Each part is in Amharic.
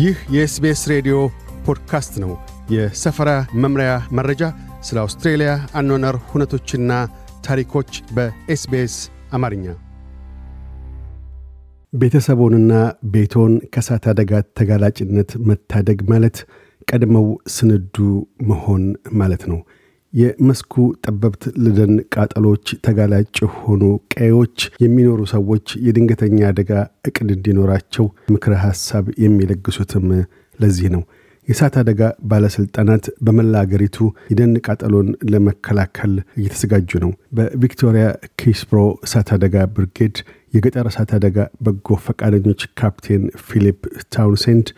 ይህ የኤስቤስ ሬዲዮ ፖድካስት ነው። የሰፈራ መምሪያ መረጃ፣ ስለ አውስትሬልያ አኗነር ሁነቶችና ታሪኮች በኤስቤስ አማርኛ። ቤተሰቦንና ቤቶን ከሳት አደጋ ተጋላጭነት መታደግ ማለት ቀድመው ስንዱ መሆን ማለት ነው። የመስኩ ጠበብት ለደን ቃጠሎች ተጋላጭ ሆኑ ቀዮች የሚኖሩ ሰዎች የድንገተኛ አደጋ እቅድ እንዲኖራቸው ምክረ ሐሳብ የሚለግሱትም ለዚህ ነው። የእሳት አደጋ ባለስልጣናት በመላ አገሪቱ የደን ቃጠሎን ለመከላከል እየተዘጋጁ ነው። በቪክቶሪያ ኪስፕሮ እሳት አደጋ ብርጌድ የገጠር እሳት አደጋ በጎ ፈቃደኞች ካፕቴን ፊሊፕ ታውንሴንድ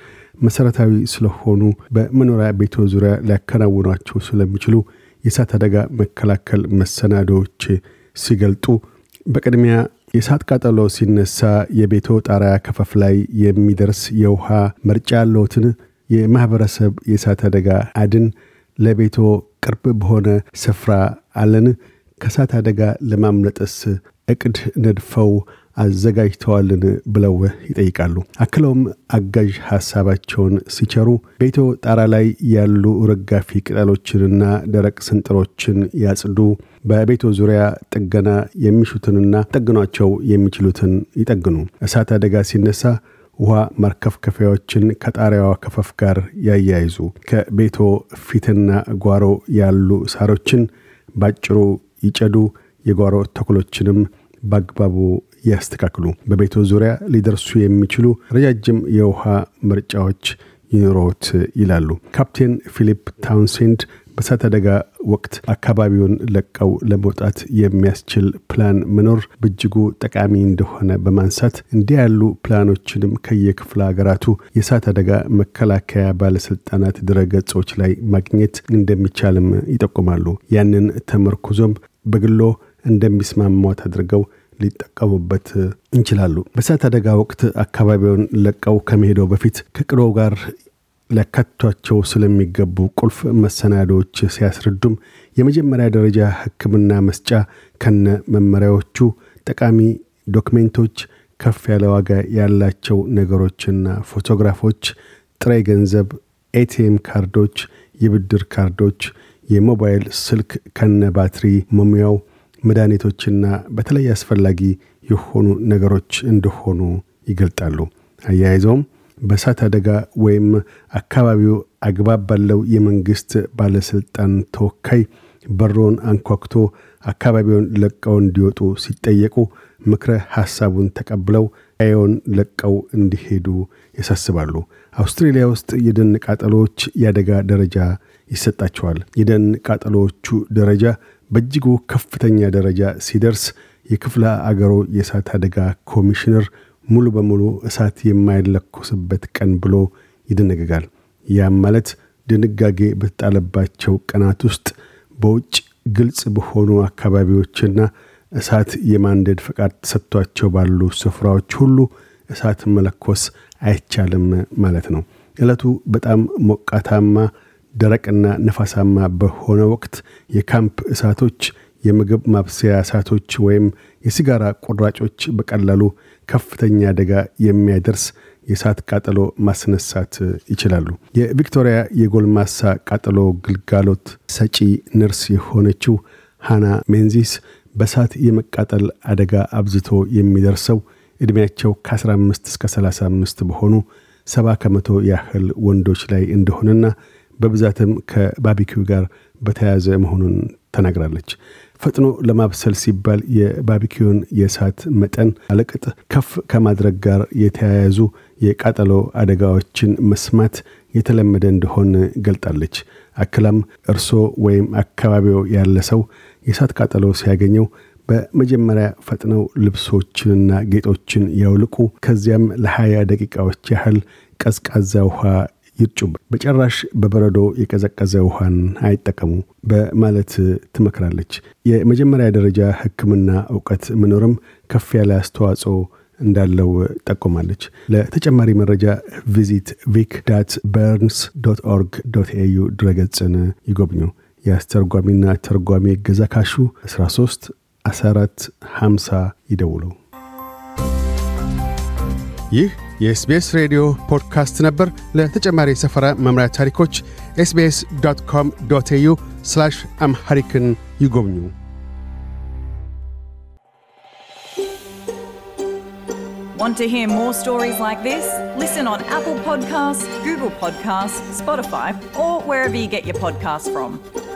መሰረታዊ ስለሆኑ በመኖሪያ ቤቶ ዙሪያ ሊያከናውኗቸው ስለሚችሉ የእሳት አደጋ መከላከል መሰናዶዎች ሲገልጡ በቅድሚያ የእሳት ቃጠሎ ሲነሳ የቤቶ ጣሪያ ከፈፍ ላይ የሚደርስ የውሃ መርጫ ያለውትን የማህበረሰብ የእሳት አደጋ አድን ለቤቶ ቅርብ በሆነ ስፍራ አለን ከእሳት አደጋ ለማምለጥስ እቅድ ነድፈው አዘጋጅተዋልን ብለው ይጠይቃሉ። አክለውም አጋዥ ሀሳባቸውን ሲቸሩ በኢትዮ ጣራ ላይ ያሉ ረጋፊ ቅጠሎችንና ደረቅ ስንጥሮችን ያጽዱ፣ በቤቶ ዙሪያ ጥገና የሚሹትንና ጠግኗቸው የሚችሉትን ይጠግኑ፣ እሳት አደጋ ሲነሳ ውሃ ማርከፍከፊያዎችን ከጣሪያዋ ክፈፍ ጋር ያያይዙ፣ ከቤቶ ፊትና ጓሮ ያሉ ሳሮችን ባጭሩ ይጨዱ፣ የጓሮ ተክሎችንም በአግባቡ ያስተካክሉ። በቤቶ ዙሪያ ሊደርሱ የሚችሉ ረጃጅም የውሃ ምርጫዎች ይኑሮት ይላሉ ካፕቴን ፊሊፕ ታውንሴንድ። በእሳት አደጋ ወቅት አካባቢውን ለቀው ለመውጣት የሚያስችል ፕላን መኖር በእጅጉ ጠቃሚ እንደሆነ በማንሳት እንዲህ ያሉ ፕላኖችንም ከየክፍለ ሀገራቱ የእሳት አደጋ መከላከያ ባለስልጣናት ድረገጾች ላይ ማግኘት እንደሚቻልም ይጠቁማሉ። ያንን ተመርኩዞም በግሎ እንደሚስማማው አድርገው ሊጠቀሙበት እንችላሉ። በእሳት አደጋ ወቅት አካባቢውን ለቀው ከመሄደው በፊት ከቅሮ ጋር ለከቷቸው ስለሚገቡ ቁልፍ መሰናዶዎች ሲያስረዱም የመጀመሪያ ደረጃ ህክምና መስጫ ከነ መመሪያዎቹ፣ ጠቃሚ ዶክሜንቶች፣ ከፍ ያለ ዋጋ ያላቸው ነገሮችና ፎቶግራፎች፣ ጥሬ ገንዘብ፣ ኤቲኤም ካርዶች፣ የብድር ካርዶች፣ የሞባይል ስልክ ከነ ባትሪ መሙያው መድኃኒቶችና በተለይ አስፈላጊ የሆኑ ነገሮች እንደሆኑ ይገልጣሉ። አያይዘውም በእሳት አደጋ ወይም አካባቢው አግባብ ባለው የመንግስት ባለስልጣን ተወካይ በሮን አንኳኩቶ አካባቢውን ለቀው እንዲወጡ ሲጠየቁ ምክረ ሐሳቡን ተቀብለው አየውን ለቀው እንዲሄዱ ያሳስባሉ። አውስትሬሊያ ውስጥ የደን ቃጠሎዎች የአደጋ ደረጃ ይሰጣቸዋል። የደን ቃጠሎዎቹ ደረጃ በእጅጉ ከፍተኛ ደረጃ ሲደርስ የክፍለ አገሩ የእሳት አደጋ ኮሚሽነር ሙሉ በሙሉ እሳት የማይለኮስበት ቀን ብሎ ይደነግጋል። ያም ማለት ድንጋጌ በተጣለባቸው ቀናት ውስጥ በውጭ ግልጽ በሆኑ አካባቢዎችና እሳት የማንደድ ፈቃድ ተሰጥቷቸው ባሉ ስፍራዎች ሁሉ እሳት መለኮስ አይቻልም ማለት ነው። ዕለቱ በጣም ሞቃታማ ደረቅና ነፋሳማ በሆነ ወቅት የካምፕ እሳቶች፣ የምግብ ማብሰያ እሳቶች ወይም የሲጋራ ቁራጮች በቀላሉ ከፍተኛ አደጋ የሚያደርስ የእሳት ቃጠሎ ማስነሳት ይችላሉ። የቪክቶሪያ የጎልማሳ ቃጠሎ ግልጋሎት ሰጪ ነርስ የሆነችው ሃና ሜንዚስ በእሳት የመቃጠል አደጋ አብዝቶ የሚደርሰው ዕድሜያቸው ከ15 እስከ 35 በሆኑ ሰባ ከመቶ ያህል ወንዶች ላይ እንደሆነና በብዛትም ከባቢኪው ጋር በተያያዘ መሆኑን ተናግራለች። ፈጥኖ ለማብሰል ሲባል የባቢኪውን የእሳት መጠን አለቅጥ ከፍ ከማድረግ ጋር የተያያዙ የቃጠሎ አደጋዎችን መስማት የተለመደ እንደሆን ገልጣለች። አክላም እርሶ ወይም አካባቢው ያለ ሰው የእሳት ቃጠሎ ሲያገኘው በመጀመሪያ ፈጥነው ልብሶችንና ጌጦችን ያውልቁ። ከዚያም ለሀያ ደቂቃዎች ያህል ቀዝቃዛ ውሃ ይርጩ፣ በጨራሽ በበረዶ የቀዘቀዘ ውሃን አይጠቀሙ በማለት ትመክራለች። የመጀመሪያ ደረጃ ሕክምና እውቀት መኖርም ከፍ ያለ አስተዋጽኦ እንዳለው ጠቁማለች። ለተጨማሪ መረጃ ቪዚት ቪክ ዳት በርንስ ዶት ኦርግ ዶት ኤዩ ድረገጽን ይጎብኙ። የአስተርጓሚና ተርጓሚ እገዛ ካሹ 13 14 50 ይደውሉ። ይህ የኤስቤስ ሬዲዮ ፖድካስት ነበር። ለተጨማሪ የሰፈራ መምሪያ ታሪኮች ኤስቤስ ዶት ኮም ዶት ኤዩ አምሐሪክን ይጎብኙ። Want to hear more stories like this? Listen on Apple Podcasts, Google Podcasts, Spotify, or wherever you get your podcasts from.